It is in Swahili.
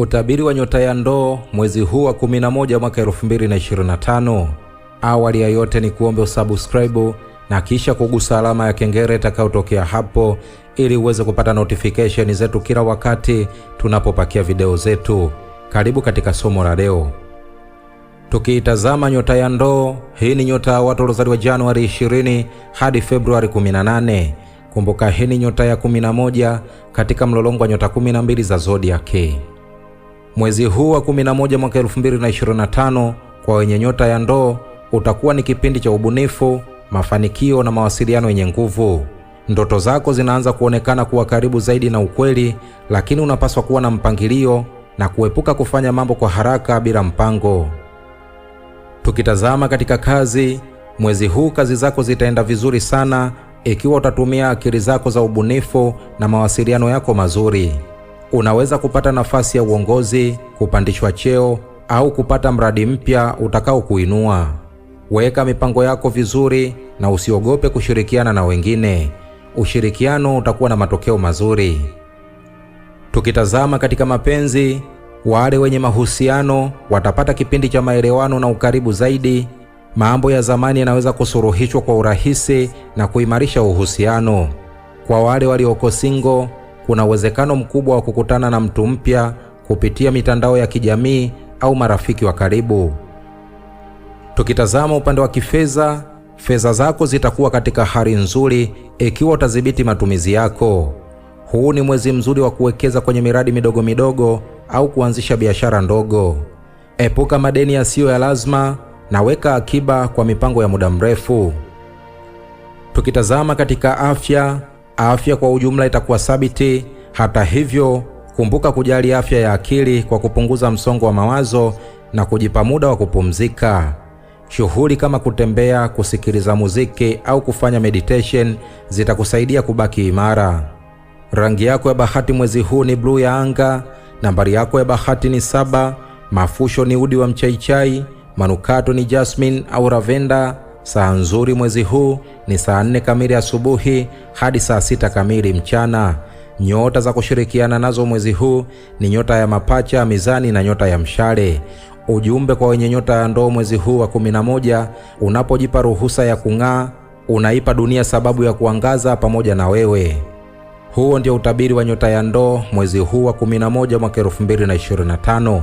Utabiri wa nyota ya ndoo mwezi huu wa 11 mwaka 2025. Awali ya yote ni kuombe usubscribe na kisha kugusa alama ya kengele itakayotokea hapo ili uweze kupata notification zetu kila wakati tunapopakia video zetu. Karibu katika somo la leo. Tukiitazama nyota ya ndoo, hii ni nyota ya watu waliozaliwa Januari 20 hadi Februari 18. Kumbuka hii ni nyota ya 11 katika mlolongo wa nyota 12 za zodiac. Mwezi huu wa 11 mwaka 2025 kwa wenye nyota ya ndoo utakuwa ni kipindi cha ubunifu, mafanikio na mawasiliano yenye nguvu. Ndoto zako zinaanza kuonekana kuwa karibu zaidi na ukweli, lakini unapaswa kuwa na mpangilio na kuepuka kufanya mambo kwa haraka bila mpango. Tukitazama katika kazi, mwezi huu kazi zako zitaenda vizuri sana ikiwa utatumia akili zako za ubunifu na mawasiliano yako mazuri. Unaweza kupata nafasi ya uongozi, kupandishwa cheo au kupata mradi mpya utakaokuinua. Weka mipango yako vizuri na usiogope kushirikiana na wengine. Ushirikiano utakuwa na matokeo mazuri. Tukitazama katika mapenzi, wale wenye mahusiano watapata kipindi cha maelewano na ukaribu zaidi. Mambo ya zamani yanaweza kusuruhishwa kwa urahisi na kuimarisha uhusiano. Kwa wale walioko singo, kuna uwezekano mkubwa wa kukutana na mtu mpya kupitia mitandao ya kijamii au marafiki wa karibu. Tukitazama upande wa kifedha, fedha zako zitakuwa katika hali nzuri ikiwa utadhibiti matumizi yako. Huu ni mwezi mzuri wa kuwekeza kwenye miradi midogo midogo au kuanzisha biashara ndogo. Epuka madeni yasiyo ya lazima na weka akiba kwa mipango ya muda mrefu. Tukitazama katika afya, Afya kwa ujumla itakuwa thabiti. Hata hivyo, kumbuka kujali afya ya akili kwa kupunguza msongo wa mawazo na kujipa muda wa kupumzika. Shughuli kama kutembea, kusikiliza muziki au kufanya meditation zitakusaidia kubaki imara. Rangi yako ya bahati mwezi huu ni bluu ya anga. Nambari yako ya bahati ni saba. Mafusho ni udi wa mchaichai, manukato ni jasmine au ravenda Saa nzuri mwezi huu ni saa nne kamili asubuhi hadi saa sita kamili mchana. Nyota za kushirikiana nazo mwezi huu ni nyota ya mapacha, mizani na nyota ya mshale. Ujumbe kwa wenye nyota ya ndoo mwezi huu wa kumi na moja: unapojipa ruhusa ya kung'aa, unaipa dunia sababu ya kuangaza pamoja na wewe. Huo ndio utabiri wa nyota ya ndoo mwezi huu wa 11 mwaka 2025